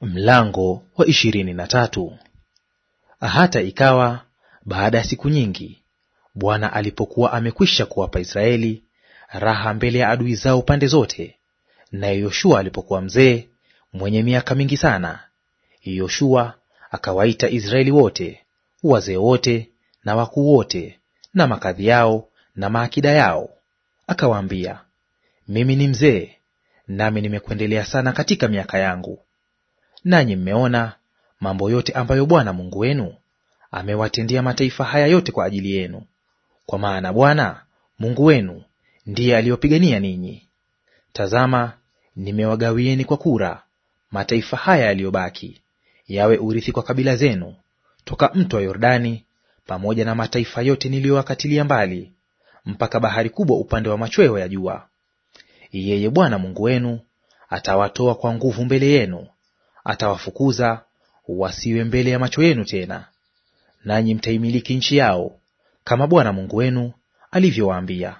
Mlango wa ishirini na tatu. Hata ikawa baada ya siku nyingi, Bwana alipokuwa amekwisha kuwapa Israeli raha mbele ya adui zao pande zote, naye Yoshua alipokuwa mzee mwenye miaka mingi sana, Yoshua akawaita Israeli wote, wazee wote na wakuu wote na makadhi yao na maakida yao, akawaambia, mimi ni mzee, nami nimekuendelea sana katika miaka yangu nanyi mmeona mambo yote ambayo Bwana Mungu wenu amewatendea mataifa haya yote kwa ajili yenu, kwa maana Bwana Mungu wenu ndiye aliyopigania ninyi. Tazama, nimewagawieni kwa kura mataifa haya yaliyobaki, yawe urithi kwa kabila zenu toka mto wa Yordani, pamoja na mataifa yote niliyowakatilia mbali, mpaka bahari kubwa upande wa machweo ya jua. Yeye Bwana Mungu wenu atawatoa kwa nguvu mbele yenu atawafukuza wasiwe mbele ya macho yenu tena, nanyi mtaimiliki nchi yao kama Bwana Mungu wenu alivyowaambia.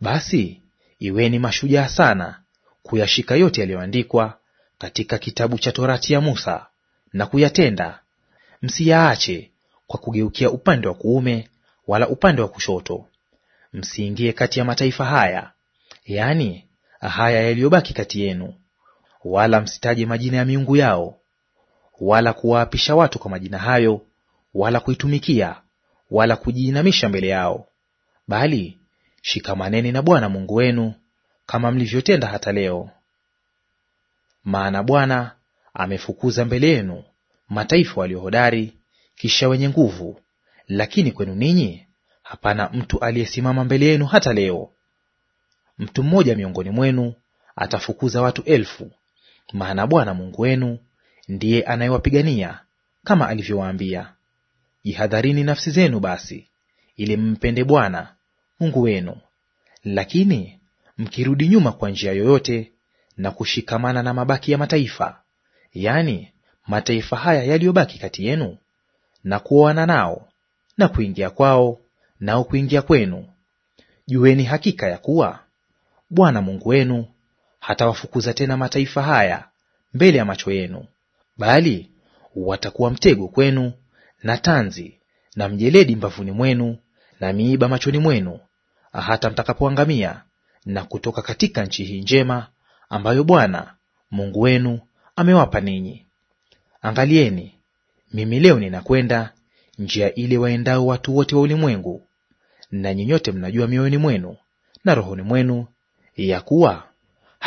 Basi iweni mashujaa sana kuyashika yote yaliyoandikwa katika kitabu cha Torati ya Musa na kuyatenda, msiyaache kwa kugeukia upande wa kuume wala upande wa kushoto. Msiingie kati ya mataifa haya, yaani haya yaliyobaki kati yenu, wala msitaje majina ya miungu yao, wala kuwaapisha watu kwa majina hayo, wala kuitumikia, wala kujiinamisha mbele yao, bali shikamaneni na Bwana Mungu wenu kama mlivyotenda hata leo. Maana Bwana amefukuza mbele yenu mataifa waliohodari kisha wenye nguvu, lakini kwenu ninyi hapana mtu aliyesimama mbele yenu hata leo. Mtu mmoja miongoni mwenu atafukuza watu elfu maana Bwana Mungu wenu ndiye anayewapigania kama alivyowaambia. Jihadharini nafsi zenu basi, ili mmpende Bwana Mungu wenu. Lakini mkirudi nyuma kwa njia yoyote na kushikamana na mabaki ya mataifa, yaani mataifa haya yaliyobaki kati yenu, na kuoana nao na kuingia kwao nao kuingia kwenu, jueni hakika ya kuwa Bwana Mungu wenu hatawafukuza tena mataifa haya mbele ya macho yenu, bali watakuwa mtego kwenu na tanzi na mjeledi mbavuni mwenu na miiba machoni mwenu, hata mtakapoangamia na kutoka katika nchi hii njema ambayo Bwana Mungu wenu amewapa ninyi. Angalieni, mimi leo ninakwenda njia ile waendao watu wote wa ulimwengu, na nyinyote mnajua mioyoni mwenu na rohoni mwenu ya kuwa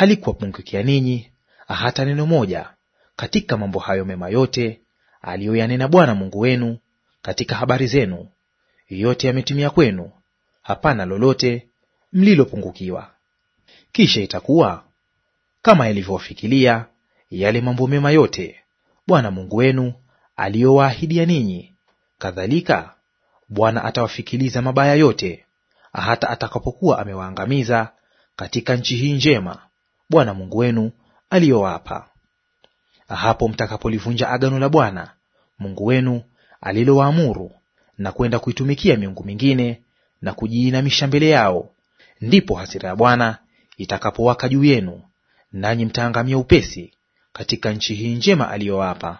halikuwapungukia ninyi hata neno moja katika mambo hayo mema yote aliyoyanena Bwana Mungu wenu katika habari zenu; yote yametimia kwenu, hapana lolote mlilopungukiwa. Kisha itakuwa kama yalivyowafikilia yale mambo mema yote Bwana Mungu wenu aliyowaahidia ninyi, kadhalika Bwana atawafikiliza mabaya yote, hata atakapokuwa amewaangamiza katika nchi hii njema Bwana Mungu wenu aliyowapa. Hapo mtakapolivunja agano la Bwana Mungu wenu alilowaamuru, na kwenda kuitumikia miungu mingine na kujiinamisha mbele yao, ndipo hasira ya Bwana itakapowaka juu yenu, nanyi mtaangamia upesi katika nchi hii njema aliyowapa.